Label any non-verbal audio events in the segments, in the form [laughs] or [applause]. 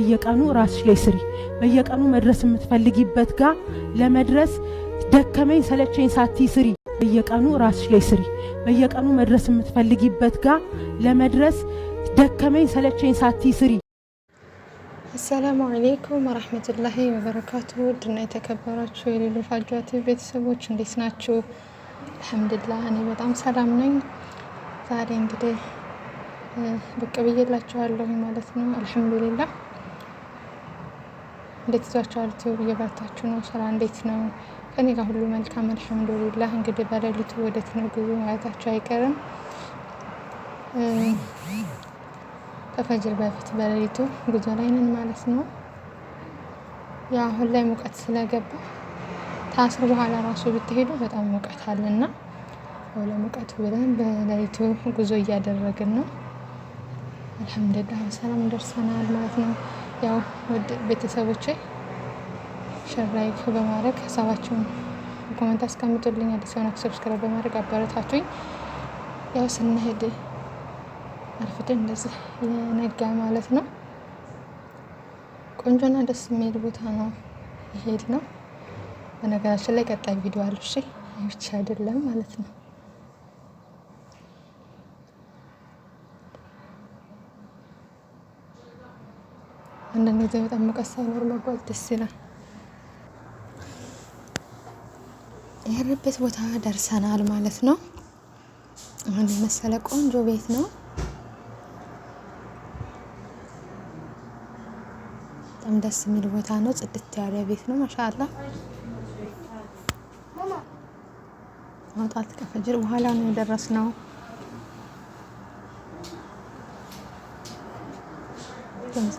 በየቀኑ ራስሽ ላይ ስሪ። በየቀኑ መድረስ የምትፈልጊበት ጋር ለመድረስ ደከመኝ ሰለቸኝ ሳቲ ስሪ። በየቀኑ ራስሽ ላይ ስሪ። በየቀኑ መድረስ የምትፈልጊበት ጋር ለመድረስ ደከመኝ ሰለቸኝ ሳቲ ስሪ። አሰላሙ አሌይኩም ወረህመቱላሂ ወበረካቱ። ውድና የተከበራችሁ የሌሎች አጇት ቤተሰቦች እንዴት ናችሁ? አልሐምዱሊላህ እኔ በጣም ሰላም ነኝ። ዛሬ እንግዲህ ብቅ ብዬላችኋለሁ ማለት ነው። አልሐምዱሊላህ እንዴት ይዟችኋል? ዩቲዩብ እየበረታችሁ ነው? ስራ እንዴት ነው? ከኔ ጋር ሁሉ መልካም አልሐምዱሊላህ። እንግዲህ በሌሊቱ ወደ ጉዞ ማለታቸው አይቀርም። ከፈጅር በፊት በሌሊቱ ጉዞ ላይ ነን ማለት ነው። ያ አሁን ላይ ሙቀት ስለገባ ታስር በኋላ ራሱ ብትሄዱ በጣም ሙቀት አለና ለሙቀቱ ብለን በሌሊቱ ጉዞ እያደረግን ነው። አልሐምዱሊላህ ሰላም ደርሰናል ማለት ነው። ያው ውድ ቤተሰቦቼ ሸር ላይክ በማድረግ ሀሳባችሁን ኮመንት አስቀምጡልኝ። አዲስ የሆናችሁ ሰብስክራይብ በማድረግ አበረታቱኝ። ያው ስንሄድ አርፍደን እንደዚህ የነጋ ማለት ነው። ቆንጆና ደስ የሚል ቦታ ነው የሄድነው። በነገራችን ላይ ቀጣይ ቪዲዮ አሉ። እሺ አይደለም ማለት ነው አንዳንድ በጣም ሙቀት ሳይኖር መጓዝ ደስ ይላል። ያለበት ቦታ ደርሰናል ማለት ነው። አሁን የመሰለ ቆንጆ ቤት ነው። በጣም ደስ የሚል ቦታ ነው። ጽድት ያለ ቤት ነው። ማሻአላ መውጣት ከፈጅር በኋላ ነው የደረስነው።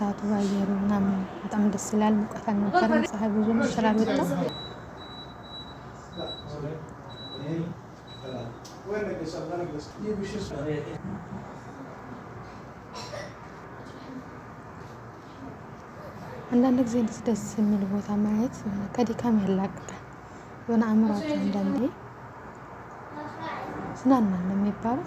ሰዓቱ አየሩ ምናምን በጣም ደስ ይላል። ሙቀት አልነበረም። ፀሐይ ብዙ ስላልወጣ አንዳንድ ጊዜ ደስ ደስ የሚል ቦታ ማየት ከድካም ያላቅቃል። የሆነ አእምሯቸው አንዳንዴ ስናና ነው የሚባለው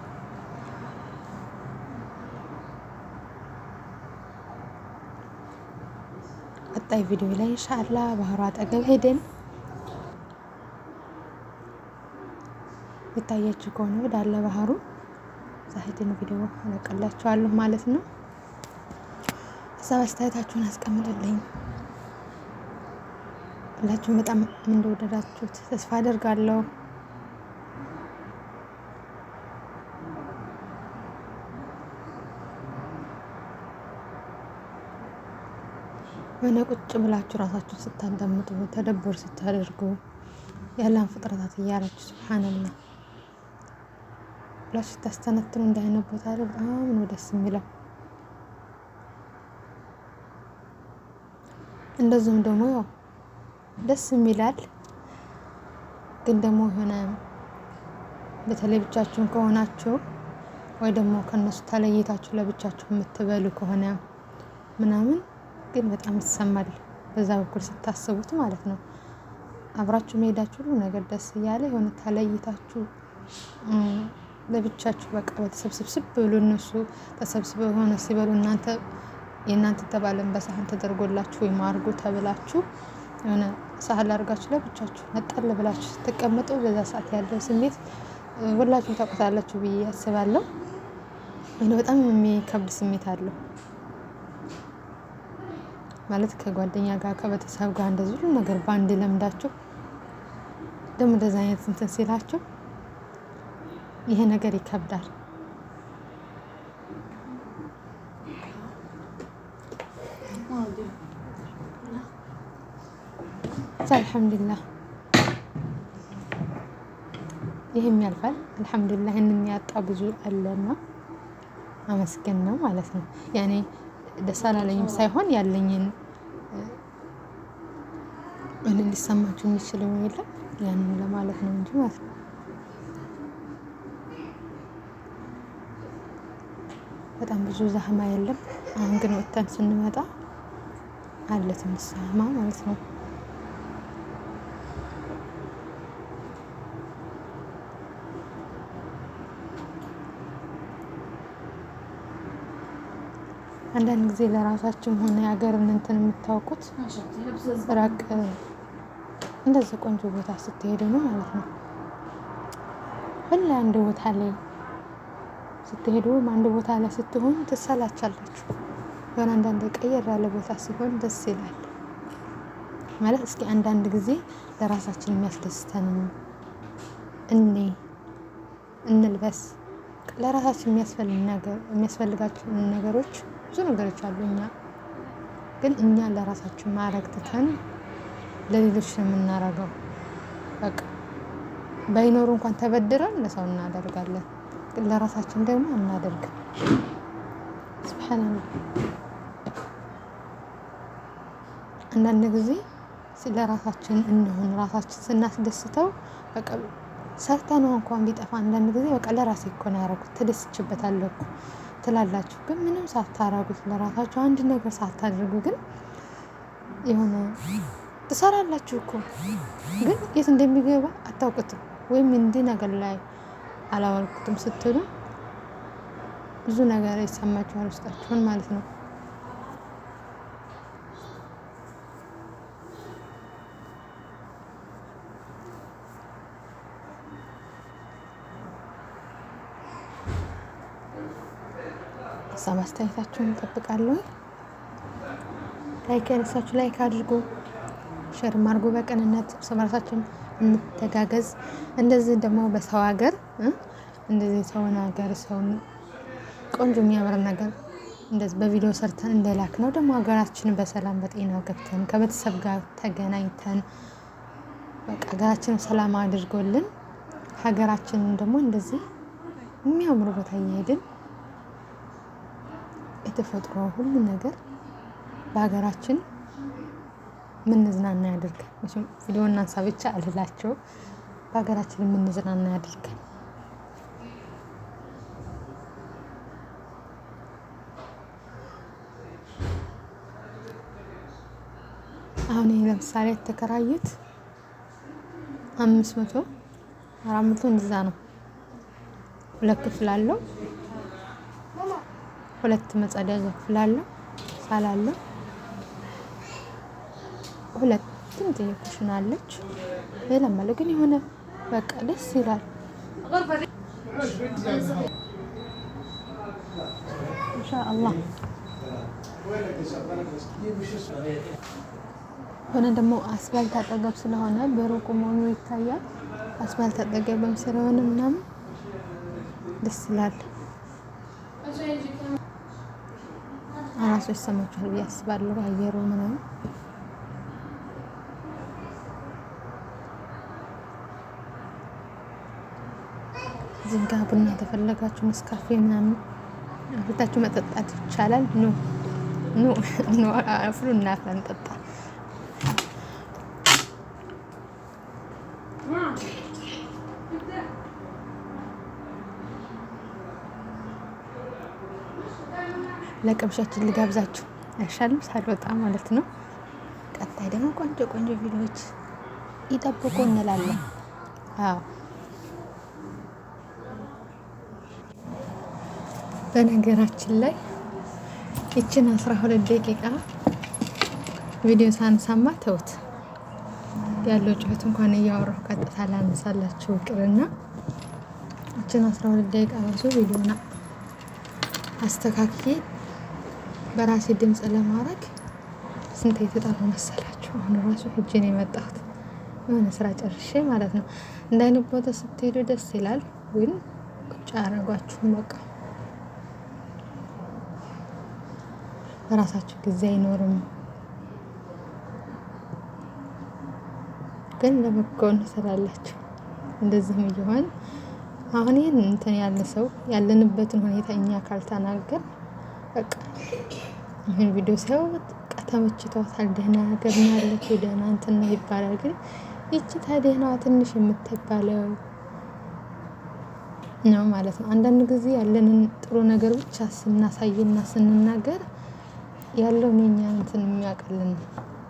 ቀጣይ ቪዲዮ ላይ እንሻላ ባህሩ አጠገብ ሄደን የታያችሁ ከሆነ ወዳለ ባህሩ እዛ ሄደን ቪዲዮ እለቅላችኋለሁ ማለት ነው። ሀሳብ አስተያየታችሁን አስቀምጡልኝ። ሁላችሁም በጣም እንደወደዳችሁት ተስፋ አደርጋለሁ። የሆነ ቁጭ ብላችሁ ራሳችሁን ስታዳምጡ ተደቦር ስታደርጉ ያለን ፍጥረታት እያላችሁ ስብሓንላ ብላችሁ ስታስተነትኑ እንዳይነ ቦታ ላይ በጣም ነው ደስ የሚለው። እንደዚሁም ደግሞ ያው ደስ የሚላል ግን ደግሞ የሆነ በተለይ ብቻችሁን ከሆናችሁ ወይ ደግሞ ከእነሱ ተለይታችሁ ለብቻችሁ የምትበሉ ከሆነ ምናምን ግን በጣም ይሰማል። በዛ በኩል ስታስቡት ማለት ነው። አብራችሁ መሄዳችሁ ሁሉ ነገር ደስ እያለ የሆነ ተለይታችሁ ለብቻችሁ በቃ በተሰብስብስብ ብሎ እነሱ ተሰብስበ የሆነ ሲበሉ እናንተ የእናንተ ተባለን በሳህን ተደርጎላችሁ ወይም አርጎ ተብላችሁ የሆነ ሳህን ላርጋችሁ ለብቻችሁ ነጠል ብላችሁ ስትቀመጡ በዛ ሰዓት ያለው ስሜት ሁላችሁም ታውቁታላችሁ ብዬ አስባለሁ። በጣም የሚከብድ ስሜት አለው። ማለት ከጓደኛ ጋር ከቤተሰብ ጋር እንደዚህ ሁሉ ነገር በአንድ ለምዳችሁ ደግሞ እንደዚ አይነት እንትን ሲላችሁ ይሄ ነገር ይከብዳል። አልሐምዱሊላህ ይህም ያልፋል። አልሐምዱሊላህ ይህንን ያጣ ብዙ አለና አመስገን ነው ማለት ነው ያኔ ደስ አላለኝም ሳይሆን ያለኝን እኔ ሊሰማችሁ የሚችለው የለም ያንን ለማለት ነው እንጂ ማለት ነው። በጣም ብዙ ዛህማ የለም። አሁን ግን ወጥተን ስንመጣ አለ ትንሽ ዛህማ ማለት ነው። አንዳንድ ጊዜ ለራሳችን ሆነ የሀገርን እንትን የምታውቁት ራቅ እንደዚህ ቆንጆ ቦታ ስትሄዱ ነው ማለት ነው። ሁሌ አንድ ቦታ ላይ ስትሄዱ ወይም አንድ ቦታ ላይ ስትሆኑ ትሰላቻላችሁ። የሆነ አንዳንድ ቀየር ያለ ቦታ ሲሆን ደስ ይላል ማለት እስኪ አንዳንድ ጊዜ ለራሳችን የሚያስደስተን እኔ እንልበስ ለራሳችን የሚያስፈልጋቸውን ነገሮች ብዙ ነገሮች አሉ። እኛ ግን እኛ ለራሳችን ማድረግ ትተን ለሌሎች ነው የምናደርገው። በቃ ባይኖሩ እንኳን ተበድረን ለሰው እናደርጋለን፣ ግን ለራሳችን ደግሞ አናደርግም። ስብሓንላህ አንዳንድ ጊዜ ለራሳችን እንሆን ራሳችን ስናስደስተው በቃ ሰርተነው እንኳን ቢጠፋ አንዳንድ ጊዜ በቃ ለራሴ እኮ ነው ያደረኩት ተደስችበታለሁ እኮ ትላላችሁ። ግን ምንም ሳታረጉት ለራሳችሁ አንድ ነገር ሳታደርጉ ግን የሆነ ትሰራላችሁ እኮ ግን የት እንደሚገባ አታውቁትም። ወይም እንዲህ ነገር ላይ አላወልኩትም ስትሉ ብዙ ነገር ይሰማችኋል ውስጣችሁን ማለት ነው። ሀሳብ አስተያየታችሁን እንጠብቃለሁ። ላይክ ያነሳችሁ ላይክ አድርጉ፣ ሸርም አድርጉ። በቅንነት እርስ እንተጋገዝ። እንደዚህ ደግሞ በሰው ሀገር እንደዚህ ሰውን ሀገር ሰውን ቆንጆ የሚያምር ነገር እንደዚህ በቪዲዮ ሰርተን እንደላክ ነው ደግሞ ሀገራችን በሰላም በጤና ገብተን ከቤተሰብ ጋር ተገናኝተን በቃ ሀገራችን ሰላም አድርጎልን ሀገራችንን ደግሞ እንደዚህ የሚያምሩ ቦታ እየሄድን ተፈጥሮ ሁሉ ነገር በሀገራችን ምንዝናና ያደርጋል። መቼም ቪዲዮ እናንሳ ብቻ አልላቸው። በሀገራችን ምንዝናና ያደርጋል። አሁን ይህ ለምሳሌ የተከራዩት አምስት መቶ አራት መቶ እንደዛ ነው። ሁለት ክፍል አለው። ሁለት መጸዳጃ ክፍል አለው፣ ሳል አለው፣ ሁለት ትንትዬ አለች። ሌላ ግን የሆነ በቃ ደስ ይላል። ኢንሻአላህ ሆነ ደግሞ አስፋልት አጠገብ ስለሆነ በሩቁ መሆኑ ይታያል። አስፋልት አጠገብም ስለሆነ ምናምን ደስ ይላል። ራሱ ይሰማችኋል ብዬ አስባለሁ። አየሩ ምናምን እዚህ ጋር ቡና ተፈለጋችሁ መስካፌ ምናምን አፍልታችሁ መጠጣት ይቻላል። ኑ ኑ አፍሉ እናፈንጠጣ ለቅምሻችን ልጋብዛችሁ አይሻልም? ሳልወጣ ማለት ነው። ቀጣይ ደግሞ ቆንጆ ቆንጆ ቪዲዮዎች ይጠብቁ እንላለን። አዎ በነገራችን ላይ ይችን አስራ ሁለት ደቂቃ ቪዲዮ ሳንሰማ ተውት። ያለው ጩኸት እንኳን እያወራሁ ቀጥታ ላነሳላችሁ ቅርና ይችን አስራ ሁለት ደቂቃ ራሱ ቪዲዮና አስተካክዬ በራሴ ድምፅ ለማድረግ ስንት የተጣሩ መሰላችሁ? አሁን ራሱ ሂጄ ነው የመጣሁት የሆነ ስራ ጨርሼ ማለት ነው። እንደ አይነት ቦታ ስትሄዱ ደስ ይላል፣ ግን ቁጭ አያደርጓችሁም። በቃ በራሳችሁ ጊዜ አይኖርም። ግን ለበጎ እንሰራላችሁ እንደዚህም እየሆን አሁን ይህን እንትን ያለ ሰው ያለንበትን ሁኔታ እኛ ካልተናገር ይህን ቪዲዮ ሳይው በቃ ተመችቷታል። ደህና ሀገር ናለች ደህና እንትና ይባላል። ግን ይቺ ታደህናዋ ትንሽ የምትባለው ነው ማለት ነው። አንዳንድ ጊዜ ያለንን ጥሩ ነገር ብቻ ስናሳይና ስንናገር ያለውን የኛ እንትን የሚያውቅልን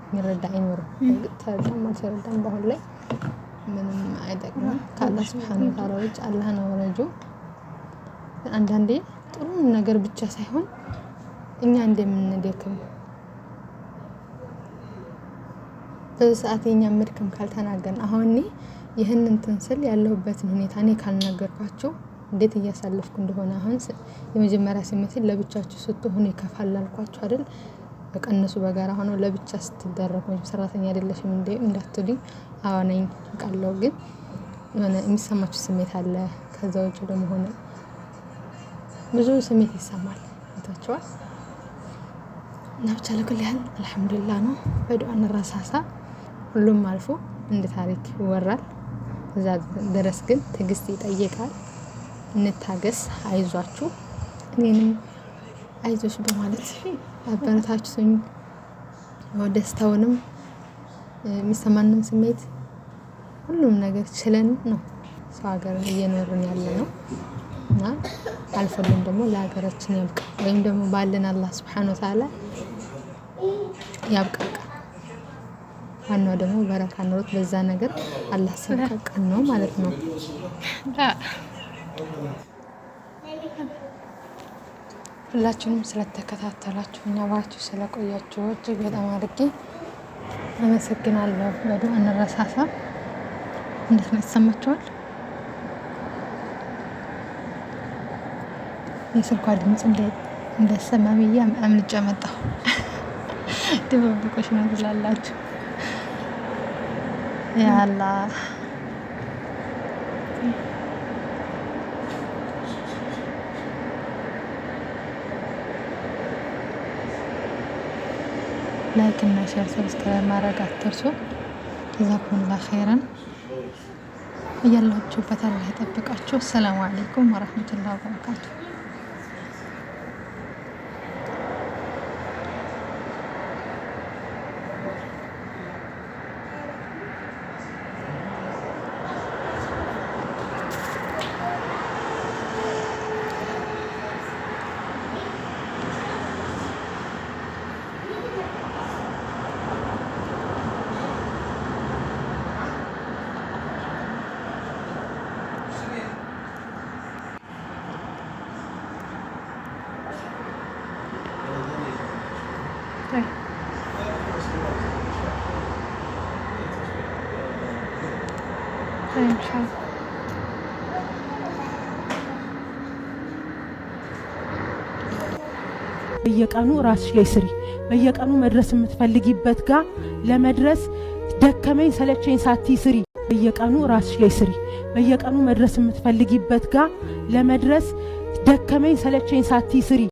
የሚረዳ አይኖርም። ተረዳም አልተረዳም በአሁን ላይ ምንም አይጠቅምም። ከአላህ ስብሓን ታላ ውጭ አላህ ነው ረጁ አንዳንዴ ጥሩ ነገር ብቻ ሳይሆን እኛ እንደምንደክም በዚህ ሰዓት የኛ መድከም ካልተናገርን፣ አሁን እኔ ይህን እንትን ስል ያለሁበትን ሁኔታ እኔ ካልናገርኳችሁ እንዴት እያሳለፍኩ እንደሆነ አሁን የመጀመሪያ ስሜትን ለብቻችሁ ስትሆኑ ይከፋል ላልኳችሁ አይደል? በቀነሱ በጋራ ሆነው ለብቻ ስትደረግ ወይም ሰራተኛ አይደለሽም እንዴ እንዳትሉኝ፣ አዎ ነኝ ቃለው ግን የሆነ የሚሰማችሁ ስሜት አለ። ከዛ ውጭ ደግሞ ሆነ ብዙ ስሜት ይሰማል። ይታችኋል እና ብቻ ለኩል ያህል አልሐምዱላ ነው። በዱዓ እንረሳሳ። ሁሉም አልፎ እንደ ታሪክ ይወራል። እዛ ድረስ ግን ትዕግስት ይጠይቃል። እንታገስ። አይዟችሁ እኔንም አይዞች በማለት አበረታችሁኝ። ደስታውንም የሚሰማንም ስሜት ሁሉም ነገር ችለን ነው ሰው ሀገር እየኖርን ያለ ነው። እና አልፎልን ደግሞ ለሀገራችን ያብቃ ወይም ደግሞ ባለን አላህ ስብሓን ወተዓላ ያብቃቃ። ዋናው ደግሞ በረካ ኑሮት በዛ ነገር አላህ ሲያብቃቃን ነው ማለት ነው። ሁላችሁንም ስለተከታተላችሁ እኛ ባችሁ ስለቆያችሁ እጅግ በጣም አድርጌ አመሰግናለሁ። በዱ እንረሳሳ። እንዴት ነው ይሰማችኋል? የስልኳ ድምፅ እንደሰማ ብዬ አምልጫ መጣሁ። [laughs] ድብብቆሽ ነው ትላላችሁ። ያላ ላይክ እና ሼር ሰብስክራይብ ማድረግ አትርሱ። ጀዛኩሙላ ኸይረን እያላችሁበት አላህ ይጠብቃችሁ። ሰላም አለይኩም ወረህመቱላሂ ወበረካቱሁ። በየቀኑ ራስሽ ላይ ስሪ። በየቀኑ መድረስ የምትፈልጊበት ጋር ለመድረስ ደከመኝ ሰለቸኝ ሳቲ ስሪ። በየቀኑ ራስሽ ላይ ስሪ። በየቀኑ መድረስ የምትፈልጊበት ጋር ለመድረስ ደከመኝ ሰለቸኝ ሳቲ ስሪ።